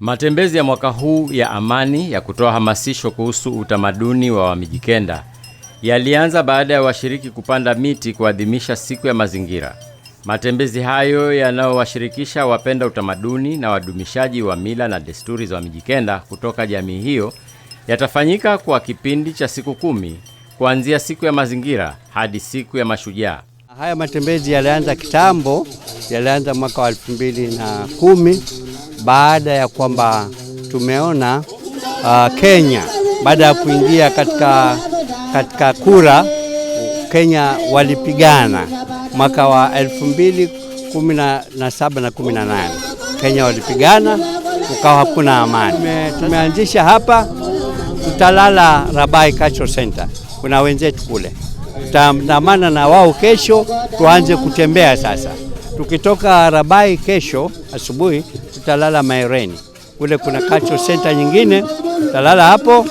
Matembezi ya mwaka huu ya amani ya kutoa hamasisho kuhusu utamaduni wa Wamijikenda yalianza baada ya washiriki kupanda miti kuadhimisha siku ya mazingira. Matembezi hayo yanayowashirikisha wapenda utamaduni na wadumishaji wa mila na desturi za Wamijikenda kutoka jamii hiyo yatafanyika kwa kipindi cha siku kumi kuanzia siku ya mazingira hadi siku ya mashujaa. Haya matembezi yalianza kitambo, yalianza mwaka wa elfu mbili na kumi baada ya kwamba tumeona uh, Kenya baada ya kuingia katika, katika kura Kenya walipigana mwaka wa 2017 na 18, Kenya walipigana, ukawa hakuna amani. Tumeanzisha hapa, tutalala Rabai Cultural Center, kuna wenzetu kule, tutaandamana na wao kesho, tuanze kutembea sasa. Tukitoka Rabai kesho asubuhi tutalala Maereni, kule kuna cultural center nyingine, tutalala hapo.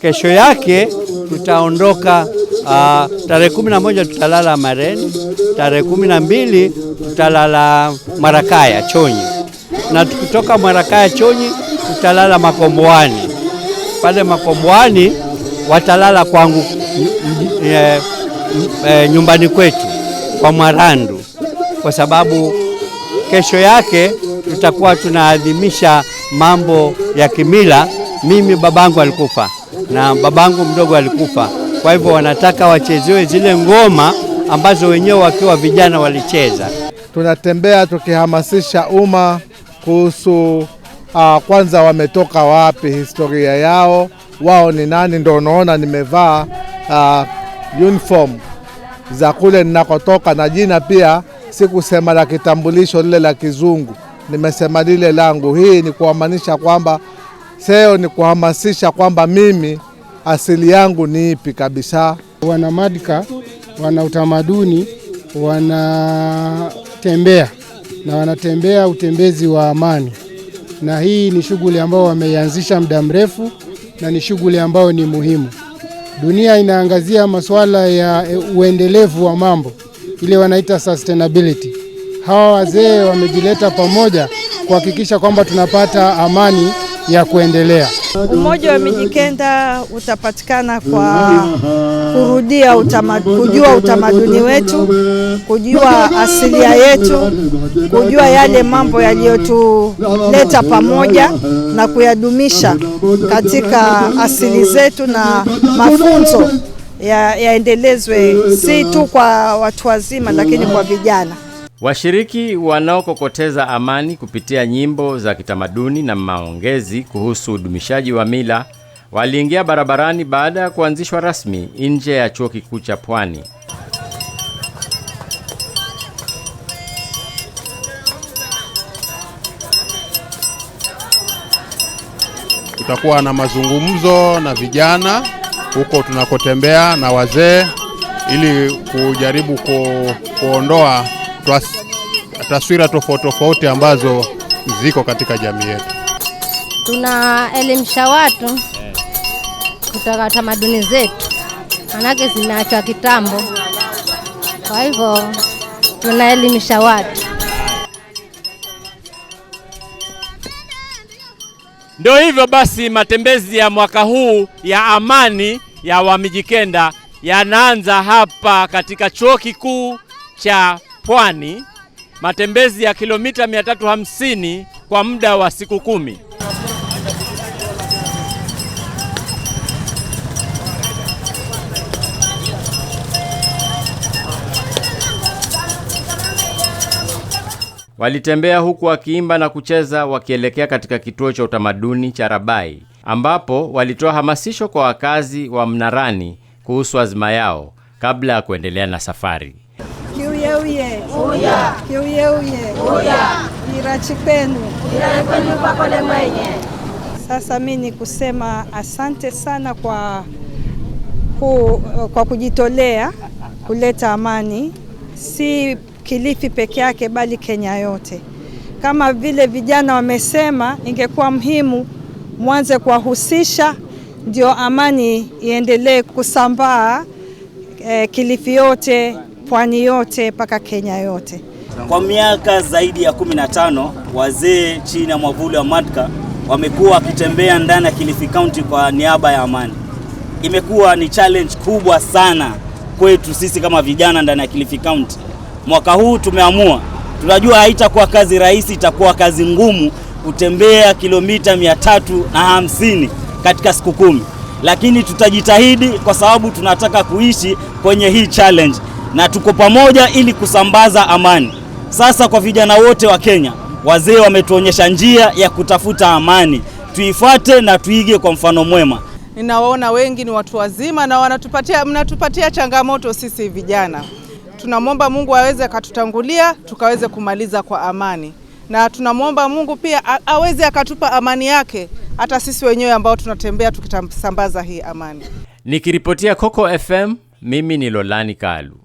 Kesho yake tutaondoka uh, tarehe kumi na moja tutalala Maereni, tarehe kumi na mbili tutalala Marakaya Chonyi, na tukitoka Marakaya Chonyi tutalala Makomboani. Pale Makomboani watalala kwangu eh, eh, nyumbani kwetu kwa Mwarandu kwa sababu kesho yake tutakuwa tunaadhimisha mambo ya kimila. Mimi babangu alikufa na babangu mdogo alikufa, kwa hivyo wanataka wachezewe zile ngoma ambazo wenyewe wakiwa vijana walicheza. Tunatembea tukihamasisha umma kuhusu uh, kwanza wametoka wapi, historia yao, wao ni nani. Ndo unaona nimevaa uh, uniform za kule ninakotoka na jina pia Sikusema la kitambulisho lile la kizungu, nimesema lile langu. Hii ni kuhamanisha kwamba seo ni kuhamasisha kwamba mimi asili yangu ni ipi kabisa. Wana madka wana utamaduni, wanatembea na wanatembea utembezi wa amani, na hii ni shughuli ambayo wameianzisha muda mrefu na ni shughuli ambayo ni muhimu. Dunia inaangazia masuala ya eh, uendelevu wa mambo ile wanaita sustainability. Hawa wazee wamejileta pamoja kuhakikisha kwamba tunapata amani ya kuendelea. Umoja wa Mijikenda utapatikana kwa kurudia utamaduni, kujua utamaduni wetu, kujua asilia yetu, kujua yale mambo yaliyotuleta pamoja na kuyadumisha katika asili zetu na mafunzo yaendelezwe ya eh, eh, si eh. tu kwa watu wazima, lakini kwa vijana. Washiriki wanaokokoteza amani kupitia nyimbo za kitamaduni na maongezi kuhusu udumishaji wa mila waliingia barabarani baada ya kuanzishwa rasmi nje ya Chuo Kikuu cha Pwani. Tutakuwa na mazungumzo na vijana huko tunakotembea na wazee ili kujaribu ku, kuondoa taswira tofauti tofauti ambazo ziko katika jamii yetu. Tunaelimisha watu kutoka tamaduni zetu, manake zinaachwa kitambo. Kwa hivyo tunaelimisha watu Ndio hivyo basi, matembezi ya mwaka huu ya amani ya Wamijikenda yanaanza hapa katika chuo kikuu cha Pwani, matembezi ya kilomita 350 kwa muda wa siku kumi. Walitembea huku wakiimba na kucheza wakielekea katika kituo cha utamaduni cha Rabai ambapo walitoa hamasisho kwa wakazi wa Mnarani kuhusu azima yao kabla ya kuendelea na safari. Uya. Uya. Irachi kwenu. Irachi kwenu mwenye. Sasa mimi ni kusema asante sana kwa ku, kwa kujitolea kuleta amani si Kilifi peke yake, bali Kenya yote. Kama vile vijana wamesema, ingekuwa muhimu mwanze kuwahusisha, ndio amani iendelee kusambaa eh, Kilifi yote, pwani yote, mpaka Kenya yote. Kwa miaka zaidi ya 15 wazee chini ya mwavuli wa matka wamekuwa wakitembea ndani ya Kilifi County kwa niaba ya amani. Imekuwa ni challenge kubwa sana kwetu sisi kama vijana ndani ya Kilifi County Mwaka huu tumeamua, tunajua haitakuwa kazi rahisi, itakuwa kazi ngumu kutembea kilomita mia tatu na hamsini katika siku kumi, lakini tutajitahidi kwa sababu tunataka kuishi kwenye hii challenge na tuko pamoja ili kusambaza amani. Sasa kwa vijana wote wa Kenya, wazee wametuonyesha njia ya kutafuta amani, tuifuate na tuige kwa mfano mwema. Ninawaona wengi ni watu wazima na wanatupatia, mnatupatia changamoto sisi vijana tunamwomba Mungu aweze akatutangulia tukaweze kumaliza kwa amani, na tunamwomba Mungu pia aweze akatupa amani yake hata sisi wenyewe ambao tunatembea tukitamsambaza hii amani. Nikiripotia Coco FM, mimi ni Lolani Kalu.